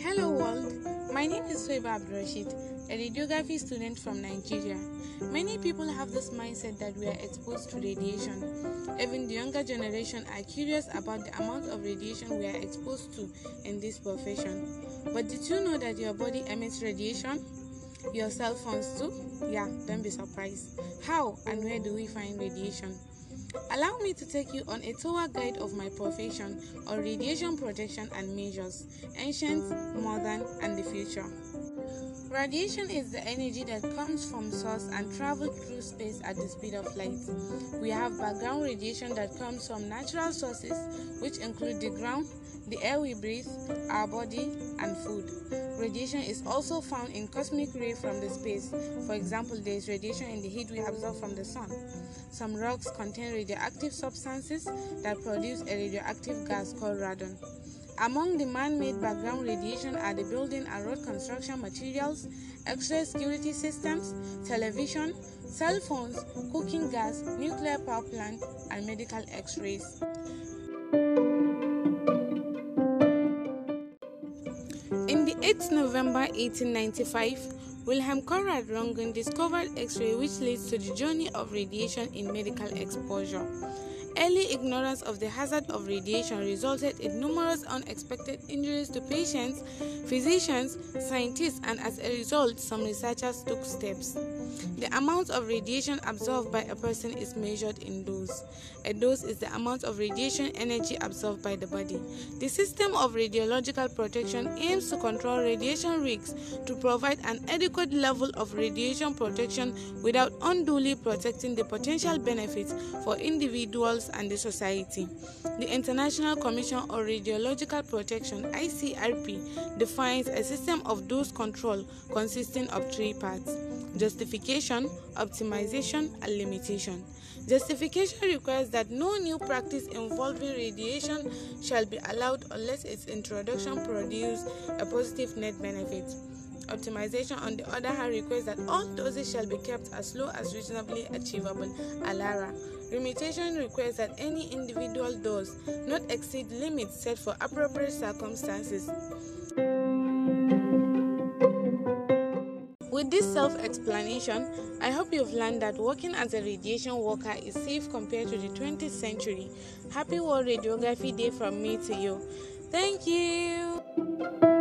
Hello world, my name is Soiba Abdurashid, a radiography student from Nigeria. Many people have this mindset that we are exposed to radiation. Even the younger generation are curious about the amount of radiation we are exposed to in this profession. But did you know that your body emits radiation? Your cell phones too? Yeah, don't be surprised. How and where do we find radiation? Allow me to take you on a tour guide of my profession on radiation protection and measures, ancient, modern, and the future. Radiation is the energy that comes from source and travels through space at the speed of light. We have background radiation that comes from natural sources, which include the ground, the air we breathe, our body, and food. Radiation is also found in cosmic rays from the space. For example, there is radiation in the heat we absorb from the sun. Some rocks contain radioactive substances that produce a radioactive gas called radon. Among the man-made background radiation are the building and road construction materials, X-ray security systems, television, cell phones, cooking gas, nuclear power plant, and medical X-rays. In the 8th November 1895, Wilhelm Conrad Röntgen discovered X-ray which leads to the journey of radiation in medical exposure. Early ignorance of the hazard of radiation resulted in numerous unexpected injuries to patients, physicians, scientists, and as a result, some researchers took steps. The amount of radiation absorbed by a person is measured in dose. A dose is the amount of radiation energy absorbed by the body. The system of radiological protection aims to control radiation risks to provide an adequate level of radiation protection without unduly protecting the potential benefits for individuals and the society. The International Commission on Radiological Protection (ICRP) defines a system of dose control consisting of three parts: justification, optimization, and limitation. Justification requires that no new practice involving radiation shall be allowed unless its introduction produces a positive net benefit optimization, on the other hand, requires that all doses shall be kept as low as reasonably achievable. ALARA. Limitation requires that any individual dose not exceed limits set for appropriate circumstances. With this self explanation, I hope you've learned that working as a radiation worker is safe compared to the 20th century. Happy World Radiography Day from me to you. Thank you.